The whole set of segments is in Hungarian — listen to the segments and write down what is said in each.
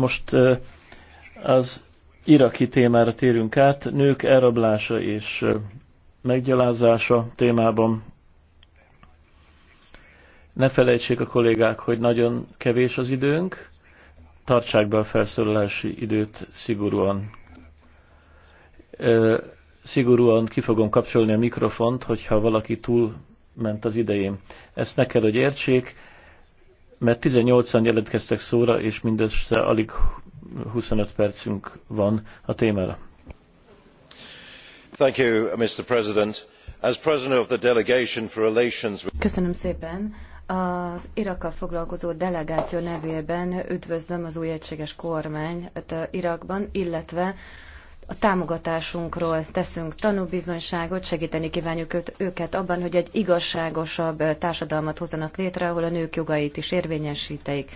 Most az iraki témára térünk át, nők elrablása és meggyalázása témában. Ne felejtsék a kollégák, hogy nagyon kevés az időnk, tartsák be a felszólalási időt szigorúan. Szigorúan ki fogom kapcsolni a mikrofont, hogyha valaki túl ment az idején. Ezt meg kell, hogy értsék mert 18-an jelentkeztek szóra, és mindössze alig 25 percünk van a témára. Thank you, Mr. President. As president of the delegation for relations with... Köszönöm szépen. Az Irakkal foglalkozó delegáció nevében üdvözlöm az új egységes kormányt Irakban, illetve a támogatásunkról teszünk tanúbizonyságot, segíteni kívánjuk őket abban, hogy egy igazságosabb társadalmat hozzanak létre, ahol a nők jogait is érvényesítik.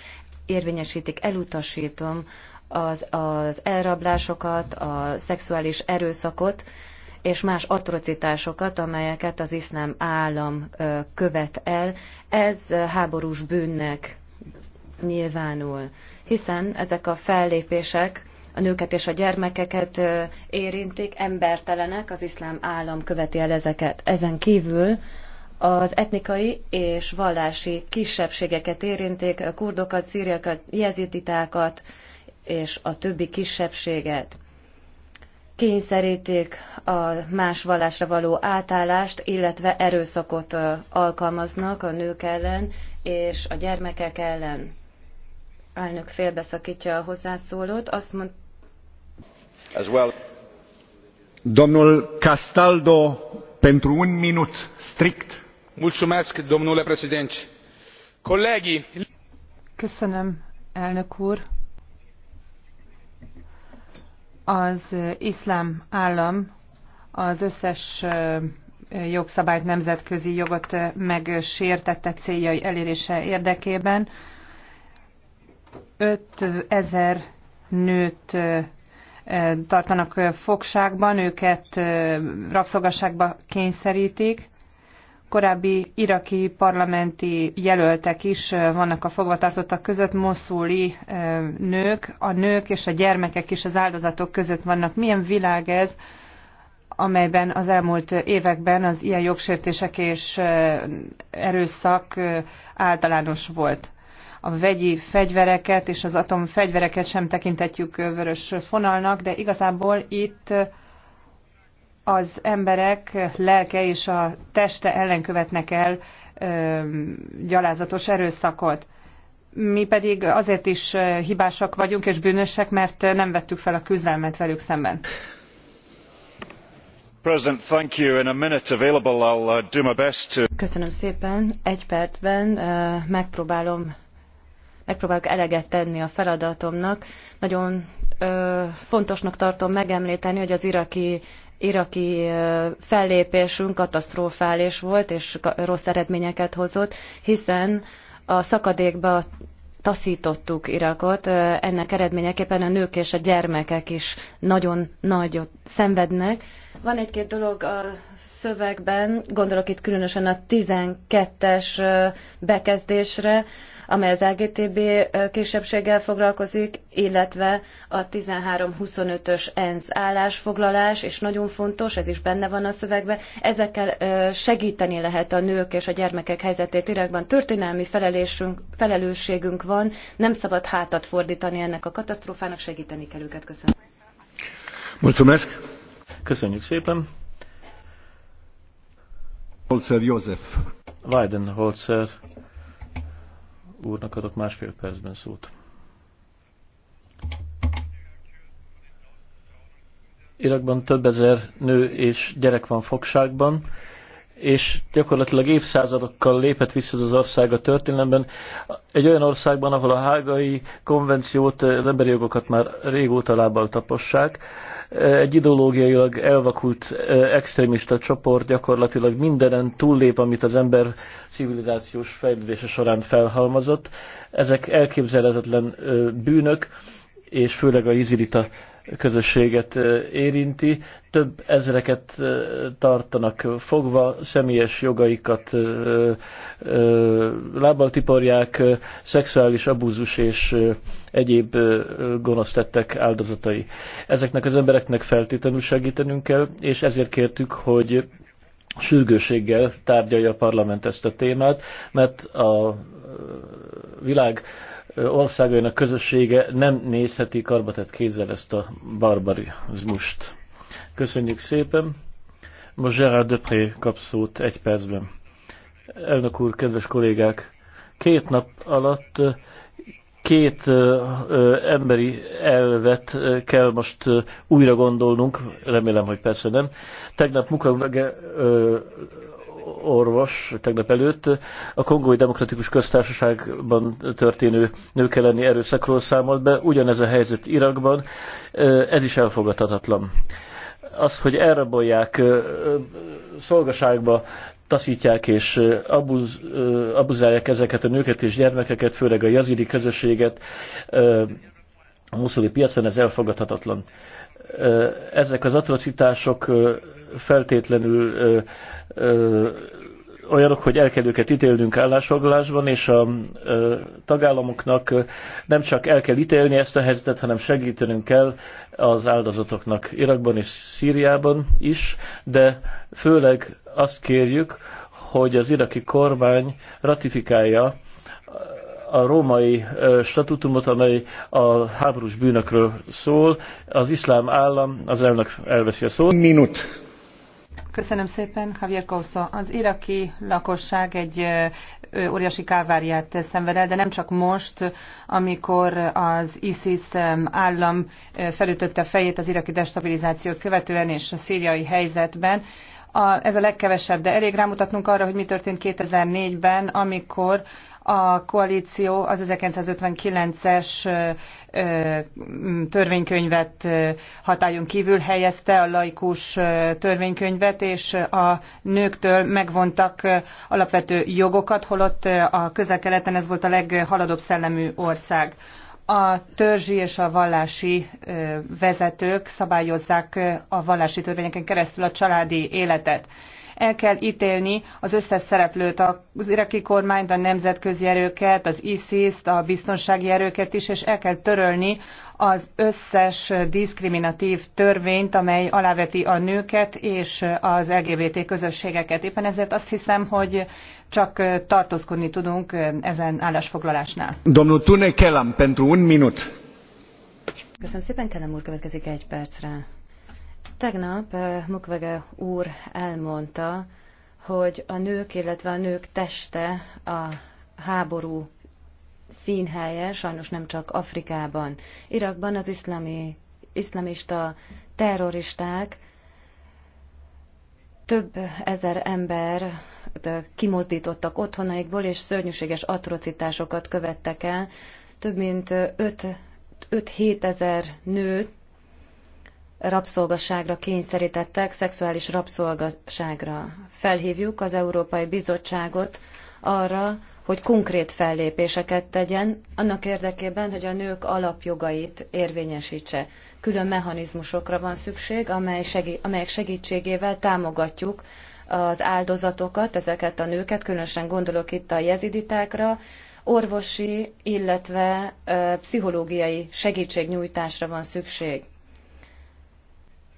érvényesítik. Elutasítom az, az elrablásokat, a szexuális erőszakot, és más atrocitásokat, amelyeket az iszlám állam követ el. Ez háborús bűnnek nyilvánul, hiszen ezek a fellépések a nőket és a gyermekeket érintik, embertelenek, az iszlám állam követi el ezeket. Ezen kívül az etnikai és vallási kisebbségeket érinték, a kurdokat, szíriakat, jezititákat és a többi kisebbséget. Kényszerítik a más vallásra való átállást, illetve erőszakot alkalmaznak a nők ellen és a gyermekek ellen. Elnök félbeszakítja a hozzászólót, azt mondta, as well. domnule președinte. Colegi. Köszönöm, elnök Az iszlám állam az összes jogszabályt, nemzetközi jogot megsértette céljai elérése érdekében. 5000 nőt tartanak fogságban, őket rabszolgasságba kényszerítik. Korábbi iraki parlamenti jelöltek is vannak a fogvatartottak között, moszúli nők, a nők és a gyermekek is az áldozatok között vannak. Milyen világ ez, amelyben az elmúlt években az ilyen jogsértések és erőszak általános volt? a vegyi fegyvereket és az atomfegyvereket sem tekintetjük vörös fonalnak, de igazából itt az emberek lelke és a teste ellen követnek el ö, gyalázatos erőszakot. Mi pedig azért is hibásak vagyunk és bűnösek, mert nem vettük fel a küzdelmet velük szemben. Uh, Köszönöm szépen. Egy percben megpróbálom megpróbálok eleget tenni a feladatomnak. Nagyon ö, fontosnak tartom megemlíteni, hogy az iraki iraki fellépésünk katasztrofális volt, és rossz eredményeket hozott, hiszen a szakadékba taszítottuk Irakot. Ennek eredményeképpen a nők és a gyermekek is nagyon nagyot szenvednek. Van egy-két dolog a szövegben, gondolok itt különösen a 12-es bekezdésre, amely az LGTB kisebbséggel foglalkozik, illetve a 13-25-ös ENSZ állásfoglalás, és nagyon fontos, ez is benne van a szövegben, ezekkel segíteni lehet a nők és a gyermekek helyzetét Irakban. Történelmi felelésünk, felelősségünk van, nem szabad hátat fordítani ennek a katasztrófának, segíteni kell őket. Köszönöm. Mulțumesc. Köszönjük szépen. Holzer József. Weidenholzer úrnak adok másfél percben szót. Irakban több ezer nő és gyerek van fogságban és gyakorlatilag évszázadokkal lépett vissza az ország a történelemben. Egy olyan országban, ahol a hágai konvenciót, az emberi jogokat már régóta lábbal tapossák, egy ideológiailag elvakult eh, extrémista csoport gyakorlatilag mindenen túllép, amit az ember civilizációs fejlődése során felhalmazott. Ezek elképzelhetetlen eh, bűnök, és főleg a izilita közösséget érinti. Több ezreket tartanak fogva, személyes jogaikat lábbal tiporják, szexuális abúzus és egyéb gonosz tettek áldozatai. Ezeknek az embereknek feltétlenül segítenünk kell, és ezért kértük, hogy sürgőséggel tárgyalja a parlament ezt a témát, mert a világ országainak közössége nem nézheti karbatett kézzel ezt a barbarizmust. Köszönjük szépen! Most Gerard Depré kap szót egy percben. Elnök úr, kedves kollégák! Két nap alatt két emberi elvet kell most újra gondolnunk, remélem, hogy persze nem. Tegnap Mukwege orvos tegnap előtt a Kongói Demokratikus Köztársaságban történő nők elleni erőszakról számolt be, ugyanez a helyzet Irakban, ez is elfogadhatatlan. Az, hogy elrabolják, szolgaságba taszítják és abuz, abuzálják ezeket a nőket és gyermekeket, főleg a jazidi közösséget, a muszuli piacon, ez elfogadhatatlan ezek az atrocitások feltétlenül ö, ö, olyanok, hogy el kell őket ítélnünk állásfoglalásban, és a ö, tagállamoknak nem csak el kell ítélni ezt a helyzetet, hanem segítenünk kell az áldozatoknak Irakban és Szíriában is, de főleg azt kérjük, hogy az iraki kormány ratifikálja a római statutumot, amely a háborús bűnökről szól. Az iszlám állam, az elnök elveszi a szót. Minut Köszönöm szépen, Javier Kosszó. Az iraki lakosság egy óriási káváriát szenved el, de nem csak most, amikor az ISIS állam felütötte a fejét az iraki destabilizációt követően és a szíriai helyzetben, a, ez a legkevesebb, de elég rámutatnunk arra, hogy mi történt 2004-ben, amikor a koalíció az 1959-es törvénykönyvet hatályon kívül helyezte, a laikus törvénykönyvet, és a nőktől megvontak alapvető jogokat, holott a közel-keleten ez volt a leghaladóbb szellemű ország a törzsi és a vallási vezetők szabályozzák a vallási törvényeken keresztül a családi életet. El kell ítélni az összes szereplőt, az iraki kormányt, a nemzetközi erőket, az ISIS-t, a biztonsági erőket is, és el kell törölni az összes diszkriminatív törvényt, amely aláveti a nőket és az LGBT közösségeket. Éppen ezért azt hiszem, hogy csak tartózkodni tudunk ezen állásfoglalásnál. Domnul Tune Kelam, pentru un minut. Köszönöm szépen, Kelem úr, következik egy percre. Tegnap eh, Mukwege úr elmondta, hogy a nők, illetve a nők teste a háború színhelye, sajnos nem csak Afrikában. Irakban az iszlami, iszlamista terroristák több ezer ember kimozdítottak otthonaikból, és szörnyűséges atrocitásokat követtek el. Több mint 5-7 ezer nőt rabszolgaságra kényszerítettek, szexuális rabszolgaságra. Felhívjuk az Európai Bizottságot arra, hogy konkrét fellépéseket tegyen, annak érdekében, hogy a nők alapjogait érvényesítse. Külön mechanizmusokra van szükség, amely segí- amelyek segítségével támogatjuk az áldozatokat, ezeket a nőket, különösen gondolok itt a jeziditákra, orvosi, illetve ö, pszichológiai segítségnyújtásra van szükség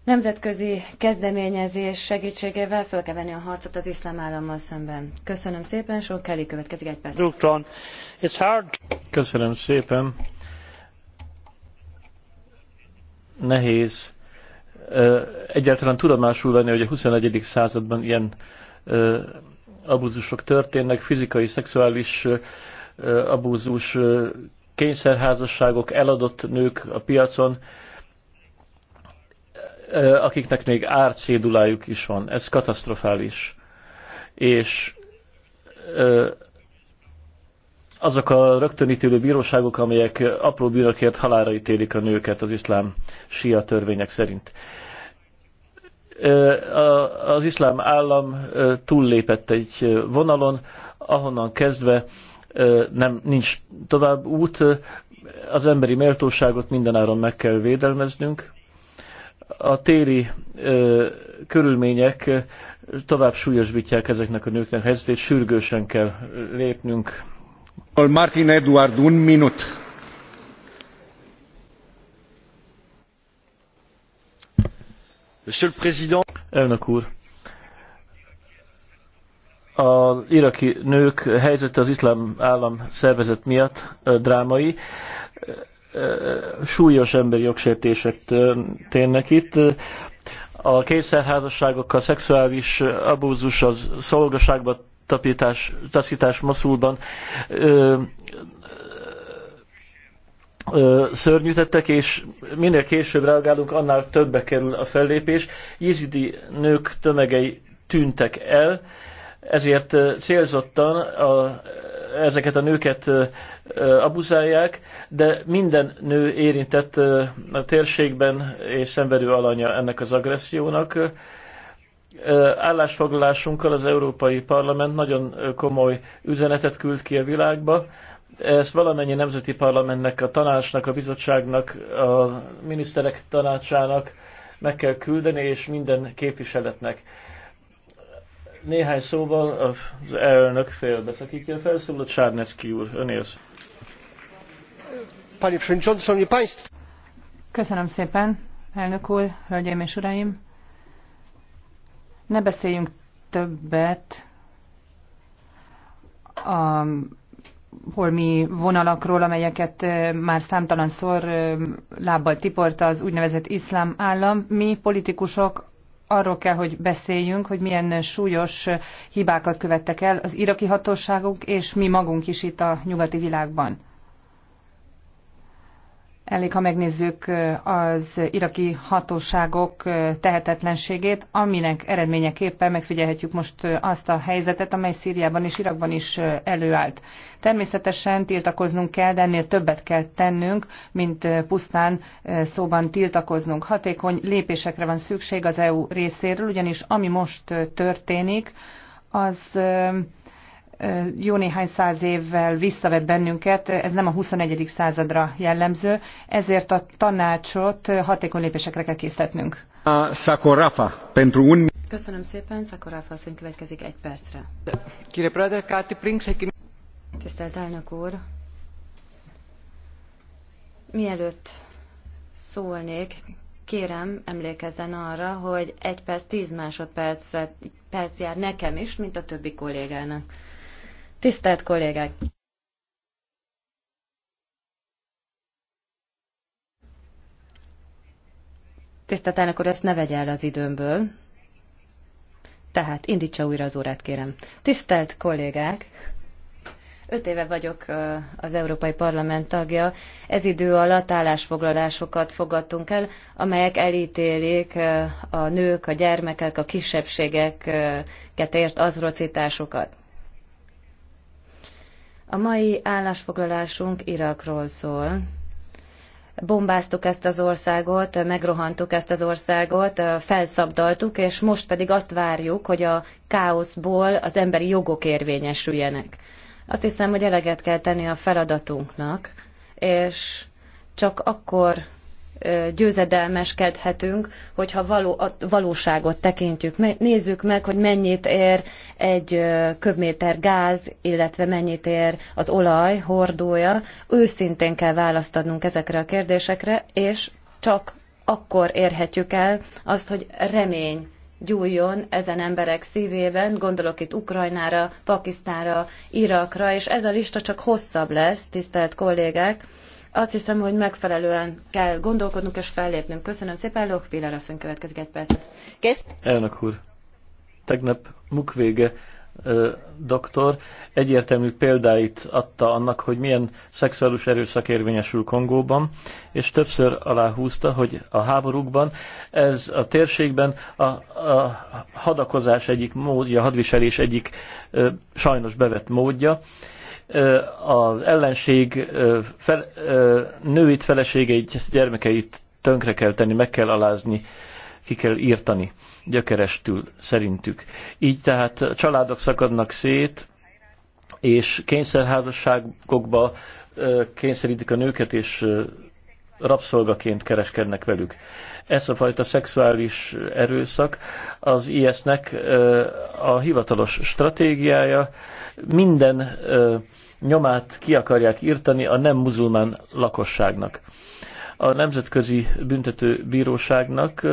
nemzetközi kezdeményezés segítségével föl kell venni a harcot az iszlám állammal szemben. Köszönöm szépen, Sean Kelly következik egy perc. Köszönöm szépen. Nehéz egyáltalán tudomásul venni, hogy a 21. században ilyen abúzusok történnek, fizikai, szexuális abúzus, kényszerházasságok, eladott nők a piacon, akiknek még árcédulájuk is van. Ez katasztrofális. És azok a rögtönítélő bíróságok, amelyek apró bűnökért halára ítélik a nőket az iszlám sia törvények szerint. Az iszlám állam túllépett egy vonalon, ahonnan kezdve nem, nincs tovább út, az emberi méltóságot mindenáron meg kell védelmeznünk, a téli ö, körülmények tovább súlyosbítják ezeknek a nőknek helyzetét, sürgősen kell lépnünk. Martin Eduard, un minut. Monsieur le Président. Elnök úr, az iraki nők helyzete az iszlám állam szervezet miatt drámai súlyos emberi jogsértések ténnek itt. A kényszerházasságokkal, szexuális abúzus, az szolgaságba tapítás, taszítás maszulban szörnyűtettek, és minél később reagálunk, annál többe kerül a fellépés. Jizidi nők tömegei tűntek el, ezért célzottan a ezeket a nőket abuzálják, de minden nő érintett a térségben és szenvedő alanya ennek az agressziónak. Állásfoglalásunkkal az Európai Parlament nagyon komoly üzenetet küld ki a világba, ezt valamennyi nemzeti parlamentnek, a tanácsnak, a bizottságnak, a miniszterek tanácsának meg kell küldeni, és minden képviseletnek. Néhány szóval az elnök félbeszakítja a felszólalt Sárneszki úr. Önélsz. Panie Köszönöm szépen, elnök úr, hölgyeim és uraim! Ne beszéljünk többet a holmi vonalakról, amelyeket már számtalan szor lábbal tiporta az úgynevezett iszlám állam. Mi politikusok arról kell, hogy beszéljünk, hogy milyen súlyos hibákat követtek el az iraki hatóságok, és mi magunk is itt a nyugati világban. Elég, ha megnézzük az iraki hatóságok tehetetlenségét, aminek eredményeképpen megfigyelhetjük most azt a helyzetet, amely Szíriában és Irakban is előállt. Természetesen tiltakoznunk kell, de ennél többet kell tennünk, mint pusztán szóban tiltakoznunk. Hatékony lépésekre van szükség az EU részéről, ugyanis ami most történik, az jó néhány száz évvel visszavett bennünket, ez nem a 21. századra jellemző, ezért a tanácsot hatékony lépésekre kell készítetnünk. Szakorafa, pentru un... Köszönöm szépen, Szakorafa az következik egy percre. Tisztelt elnök úr! Mielőtt szólnék, kérem, emlékezzen arra, hogy egy perc, tíz másodperc perc jár nekem is, mint a többi kollégának. Tisztelt kollégák! Tisztelt elnök úr, ezt ne vegye el az időmből. Tehát indítsa újra az órát, kérem. Tisztelt kollégák! Öt éve vagyok az Európai Parlament tagja. Ez idő alatt állásfoglalásokat fogadtunk el, amelyek elítélik a nők, a gyermekek, a kisebbségeket ért azrocitásokat. A mai állásfoglalásunk Irakról szól. Bombáztuk ezt az országot, megrohantuk ezt az országot, felszabdaltuk, és most pedig azt várjuk, hogy a káoszból az emberi jogok érvényesüljenek. Azt hiszem, hogy eleget kell tenni a feladatunknak, és csak akkor győzedelmeskedhetünk, hogyha való, a valóságot tekintjük. Nézzük meg, hogy mennyit ér egy köbméter gáz, illetve mennyit ér az olaj hordója. Őszintén kell választanunk ezekre a kérdésekre, és csak akkor érhetjük el azt, hogy remény gyújjon ezen emberek szívében, gondolok itt Ukrajnára, Pakisztánra, Irakra, és ez a lista csak hosszabb lesz, tisztelt kollégák azt hiszem, hogy megfelelően kell gondolkodnunk és fellépnünk. Köszönöm szépen, Lók Piller asszony következik egy percet. Kész. Elnök úr, tegnap mukvége doktor egyértelmű példáit adta annak, hogy milyen szexuális erőszak érvényesül Kongóban, és többször aláhúzta, hogy a háborúkban ez a térségben a, a hadakozás egyik módja, a hadviselés egyik ö, sajnos bevett módja, az ellenség fel, nőit, feleségeit, gyermekeit tönkre kell tenni, meg kell alázni, ki kell írtani gyökerestül szerintük. Így tehát családok szakadnak szét, és kényszerházasságokba kényszerítik a nőket, és rabszolgaként kereskednek velük. Ez a fajta szexuális erőszak az IS-nek a hivatalos stratégiája, minden nyomát ki akarják írtani a nem muzulmán lakosságnak. A Nemzetközi Büntető Bíróságnak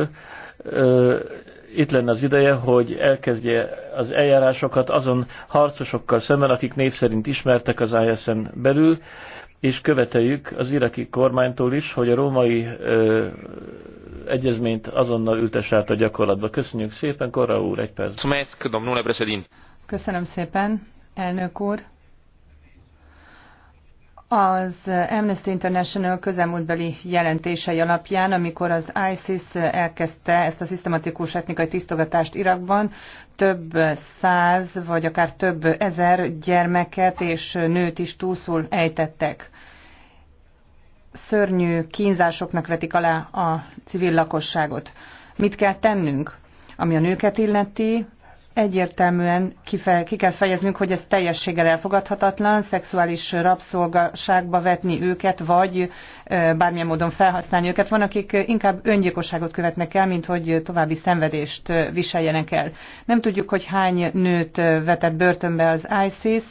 itt lenne az ideje, hogy elkezdje az eljárásokat azon harcosokkal szemben, akik név szerint ismertek az ISN belül, és követeljük az iraki kormánytól is, hogy a római ö, egyezményt azonnal ültes át a gyakorlatba. Köszönjük szépen, Korra úr, egy perc. Köszönöm szépen, elnök úr. Az Amnesty International közelmúltbeli jelentései alapján, amikor az ISIS elkezdte ezt a szisztematikus etnikai tisztogatást Irakban, több száz vagy akár több ezer gyermeket és nőt is túlszul ejtettek szörnyű kínzásoknak vetik alá a civil lakosságot. Mit kell tennünk? Ami a nőket illeti, egyértelműen kifel, ki kell fejeznünk, hogy ez teljességgel elfogadhatatlan, szexuális rabszolgaságba vetni őket, vagy bármilyen módon felhasználni őket. Van, akik inkább öngyilkosságot követnek el, mint hogy további szenvedést viseljenek el. Nem tudjuk, hogy hány nőt vetett börtönbe az ISIS,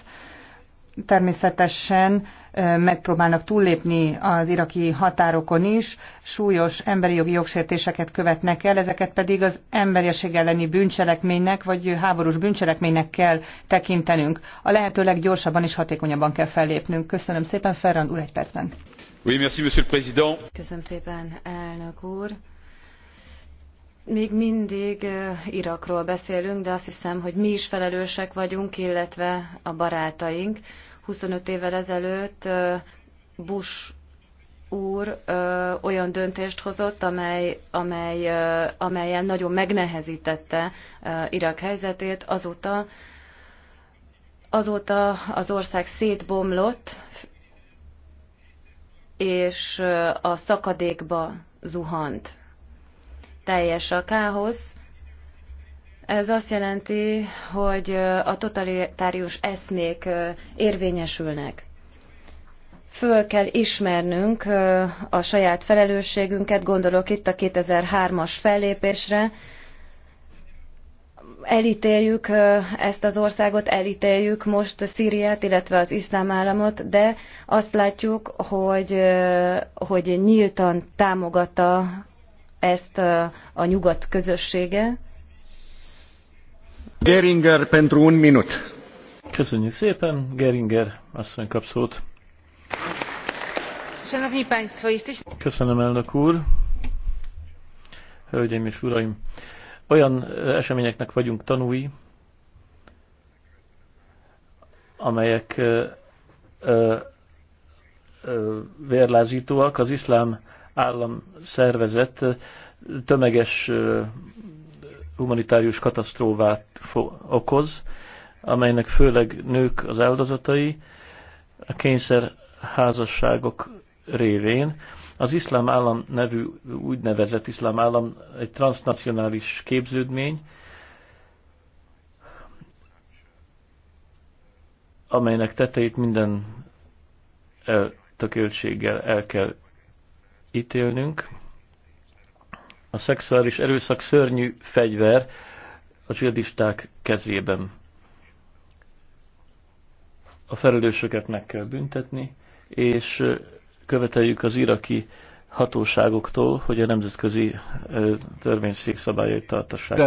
természetesen megpróbálnak túllépni az iraki határokon is, súlyos emberi jogi jogsértéseket követnek el, ezeket pedig az emberiesség elleni bűncselekménynek vagy háborús bűncselekménynek kell tekintenünk. A lehető leggyorsabban és hatékonyabban kell fellépnünk. Köszönöm szépen, Ferrand úr egy percben. Köszönöm szépen, elnök úr. Még mindig eh, Irakról beszélünk, de azt hiszem, hogy mi is felelősek vagyunk, illetve a barátaink. 25 évvel ezelőtt eh, Bush úr ö, eh, olyan döntést hozott, amely, amely, ö, amelyen nagyon megnehezítette ö, Irak helyzetét. Azóta, azóta az ország szétbomlott, és ö, a szakadékba zuhant teljes a káosz. Ez azt jelenti, hogy a totalitárius eszmék érvényesülnek. Föl kell ismernünk a saját felelősségünket, gondolok itt a 2003-as fellépésre, elítéljük ezt az országot, elítéljük most Szíriát, illetve az iszlám államot, de azt látjuk, hogy, hogy nyíltan támogatta ezt a nyugat közössége. Geringer pentru un minut. Köszönjük szépen, Geringer asszony kap szót. Köszönöm, elnök úr. Hölgyeim és uraim, olyan eseményeknek vagyunk tanúi, amelyek ö, ö, vérlázítóak. Az iszlám állam tömeges humanitárius katasztrófát okoz, amelynek főleg nők az áldozatai, a kényszer házasságok révén. Az iszlám állam nevű úgynevezett iszlám állam egy transnacionális képződmény, amelynek tetejét minden eltökéltséggel el kell ítélnünk. A szexuális erőszak szörnyű fegyver a csillagisták kezében. A felelősöket meg kell büntetni, és követeljük az iraki hatóságoktól, hogy a nemzetközi törvényszék szabályait tartassák.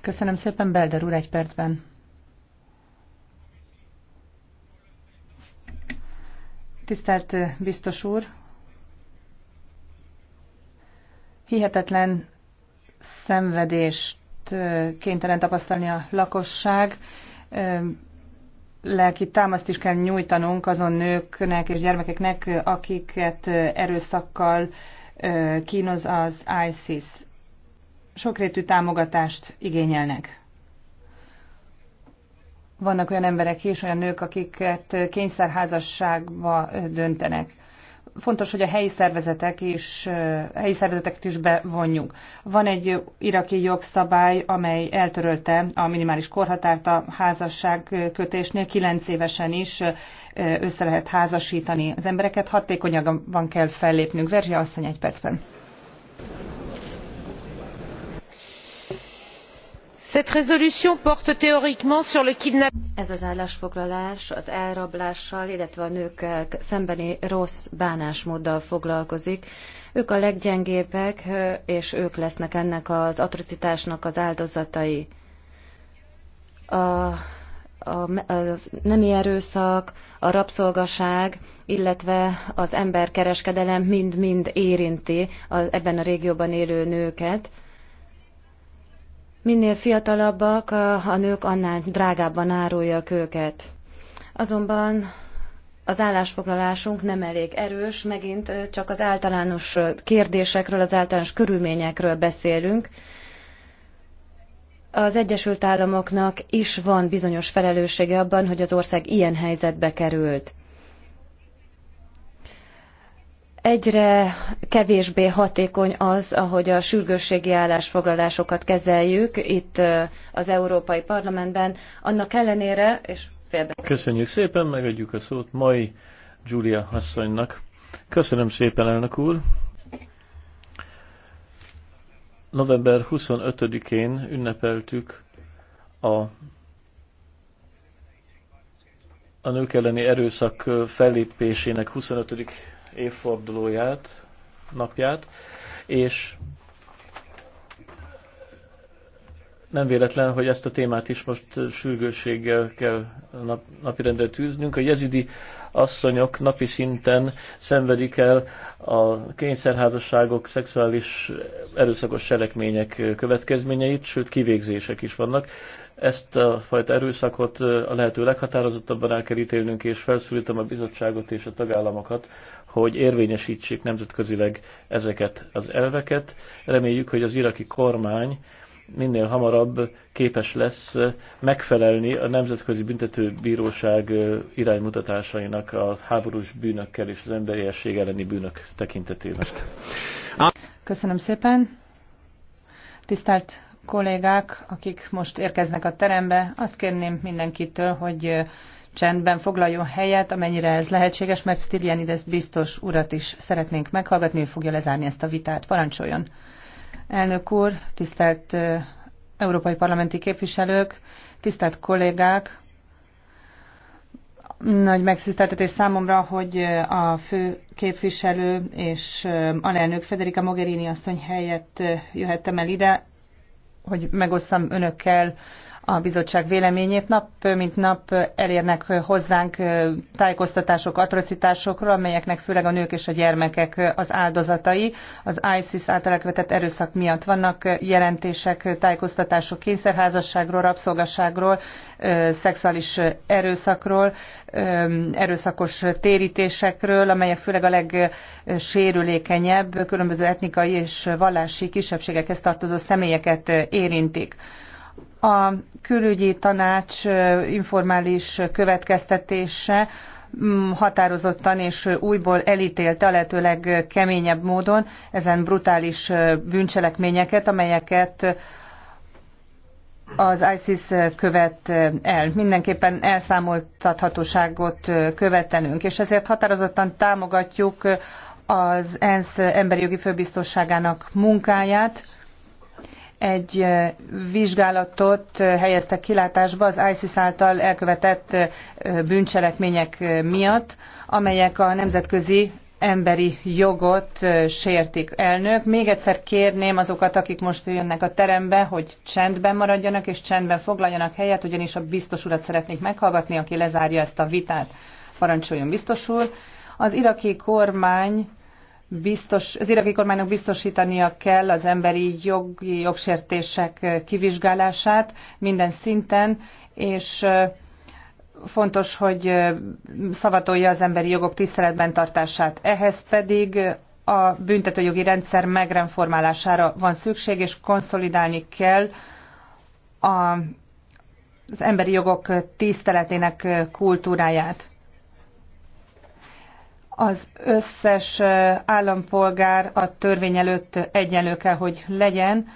Köszönöm szépen, Belder úr, egy percben. Tisztelt biztos úr, Hihetetlen szenvedést kénytelen tapasztalni a lakosság. Lelki támaszt is kell nyújtanunk azon nőknek és gyermekeknek, akiket erőszakkal kínoz az ISIS. Sokrétű támogatást igényelnek. Vannak olyan emberek és olyan nők, akiket kényszerházasságba döntenek fontos, hogy a helyi, szervezetek is, helyi szervezeteket is bevonjuk. Van egy iraki jogszabály, amely eltörölte a minimális korhatárt a házasság kötésnél, kilenc évesen is össze lehet házasítani az embereket, hatékonyabban kell fellépnünk. Verzsia asszony egy percben. cette résolution porte théoriquement sur le kidnapping. ez az állásfoglalás az elrablással illetve a nők eh, szembeni rossz bánásmóddal foglalkozik. ők a leggyengébbek eh, és ők lesznek ennek az atrocitásnak az áldozatai. A a, nemi erőszak, a rabszolgaság, illetve az emberkereskedelem mind-mind érinti az, ebben a régióban élő nőket. Minél fiatalabbak a nők, annál drágábban árulja őket. Azonban az állásfoglalásunk nem elég erős, megint csak az általános kérdésekről, az általános körülményekről beszélünk. Az Egyesült Államoknak is van bizonyos felelőssége abban, hogy az ország ilyen helyzetbe került. Egyre kevésbé hatékony az, ahogy a sürgősségi állásfoglalásokat kezeljük itt az Európai Parlamentben. Annak ellenére, és félbe. Köszönjük szépen, megadjuk a szót mai Julia asszonynak. Köszönöm szépen, elnök úr. November 25-én ünnepeltük a a nők elleni erőszak fellépésének 25 évfordulóját, napját, és nem véletlen, hogy ezt a témát is most sürgősséggel kell nap, napirendre tűznünk. A jezidi asszonyok napi szinten szenvedik el a kényszerházasságok, szexuális erőszakos cselekmények következményeit, sőt kivégzések is vannak. Ezt a fajta erőszakot a lehető leghatározottabban el kell ítélnünk, és felszólítom a bizottságot és a tagállamokat, hogy érvényesítsék nemzetközileg ezeket az elveket. Reméljük, hogy az iraki kormány minél hamarabb képes lesz eh, megfelelni a Nemzetközi Büntetőbíróság eh, iránymutatásainak a háborús bűnökkel és az emberiesség elleni bűnök tekintetében. Köszönöm szépen. Tisztelt kollégák, akik most érkeznek a terembe, azt kérném mindenkitől, hogy eh, csendben foglaljon helyet, amennyire ez lehetséges, mert Stylianides biztos urat is szeretnénk meghallgatni, ő fogja lezárni ezt a vitát. Parancsoljon! Elnök úr, tisztelt európai parlamenti képviselők, tisztelt kollégák! Nagy megtiszteltetés számomra, hogy a fő képviselő és alelnök Federica Mogherini asszony helyett jöhettem el ide, hogy megosszam önökkel a bizottság véleményét. Nap mint nap elérnek hozzánk tájékoztatások, atrocitásokról, amelyeknek főleg a nők és a gyermekek az áldozatai. Az ISIS által elkövetett erőszak miatt vannak jelentések, tájékoztatások kényszerházasságról, rabszolgasságról, szexuális erőszakról, erőszakos térítésekről, amelyek főleg a legsérülékenyebb, különböző etnikai és vallási kisebbségekhez tartozó személyeket érintik. A külügyi tanács informális következtetése mm, határozottan és újból elítélte a lehető legkeményebb módon ezen brutális bűncselekményeket, amelyeket az ISIS követ el. Mindenképpen elszámoltathatóságot követelünk, és ezért határozottan támogatjuk az ENSZ emberi jogi főbiztosságának munkáját, egy vizsgálatot helyeztek kilátásba az ISIS által elkövetett bűncselekmények miatt, amelyek a nemzetközi emberi jogot sértik. Elnök, még egyszer kérném azokat, akik most jönnek a terembe, hogy csendben maradjanak és csendben foglaljanak helyet, ugyanis a biztos urat szeretnék meghallgatni, aki lezárja ezt a vitát. Parancsoljon biztos úr. Az iraki kormány biztos, az iraki kormánynak biztosítania kell az emberi jogi jogsértések kivizsgálását minden szinten, és fontos, hogy szavatolja az emberi jogok tiszteletben tartását. Ehhez pedig a büntetőjogi rendszer megreformálására van szükség, és konszolidálni kell a, az emberi jogok tiszteletének kultúráját az összes állampolgár a törvény előtt egyenlő kell, hogy legyen,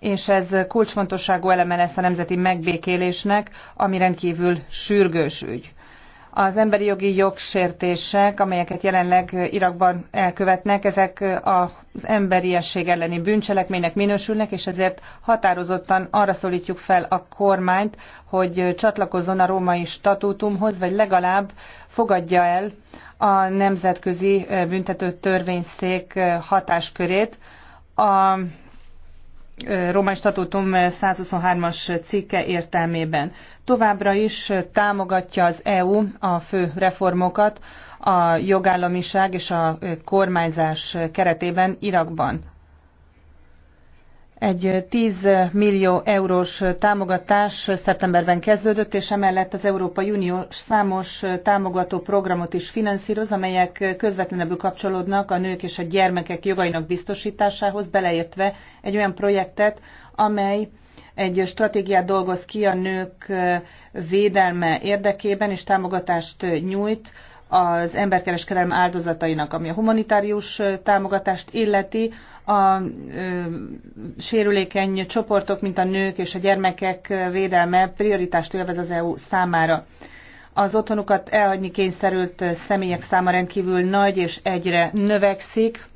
és ez kulcsfontosságú eleme lesz a nemzeti megbékélésnek, ami rendkívül sürgős ügy. Az emberi jogi jogsértések, amelyeket jelenleg Irakban elkövetnek, ezek az emberiesség elleni bűncselekménynek minősülnek, és ezért határozottan arra szólítjuk fel a kormányt, hogy csatlakozzon a római statútumhoz, vagy legalább fogadja el a Nemzetközi Büntető Törvényszék hatáskörét. A Római Statutum 123-as cikke értelmében. Továbbra is támogatja az EU a fő reformokat a jogállamiság és a kormányzás keretében Irakban. Egy 10 millió eurós támogatás szeptemberben kezdődött, és emellett az Európai Unió számos támogató programot is finanszíroz, amelyek közvetlenül kapcsolódnak a nők és a gyermekek jogainak biztosításához, beleértve egy olyan projektet, amely egy stratégiát dolgoz ki a nők védelme érdekében, és támogatást nyújt az emberkereskedelem áldozatainak, ami a humanitárius támogatást illeti, a ö, sérülékeny csoportok, mint a nők és a gyermekek védelme prioritást élvez az EU számára. Az otthonukat elhagyni kényszerült személyek száma rendkívül nagy és egyre növekszik,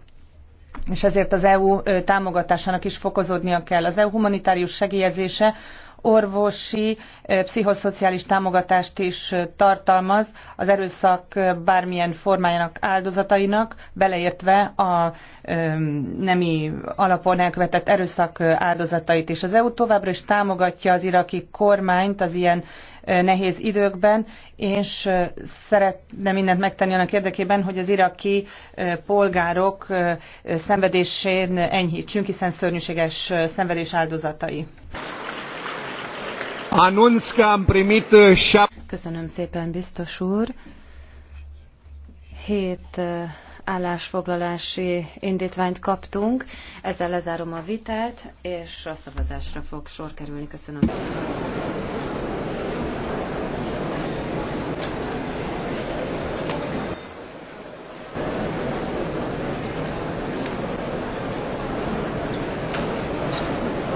és ezért az EU támogatásának is fokozódnia kell. Az EU humanitárius segélyezése orvosi, pszichoszociális támogatást is tartalmaz az erőszak bármilyen formájának áldozatainak, beleértve a nemi alapon elkövetett erőszak áldozatait is. Az EU továbbra is támogatja az iraki kormányt az ilyen nehéz időkben, és szeretne mindent megtenni annak érdekében, hogy az iraki polgárok szenvedésén enyhítsünk, hiszen szörnyűséges szenvedés áldozatai. Uh, Köszönöm szépen, biztos úr. Hét uh, állásfoglalási indítványt kaptunk. Ezzel lezárom a vitát, és a szavazásra fog sor kerülni. Köszönöm.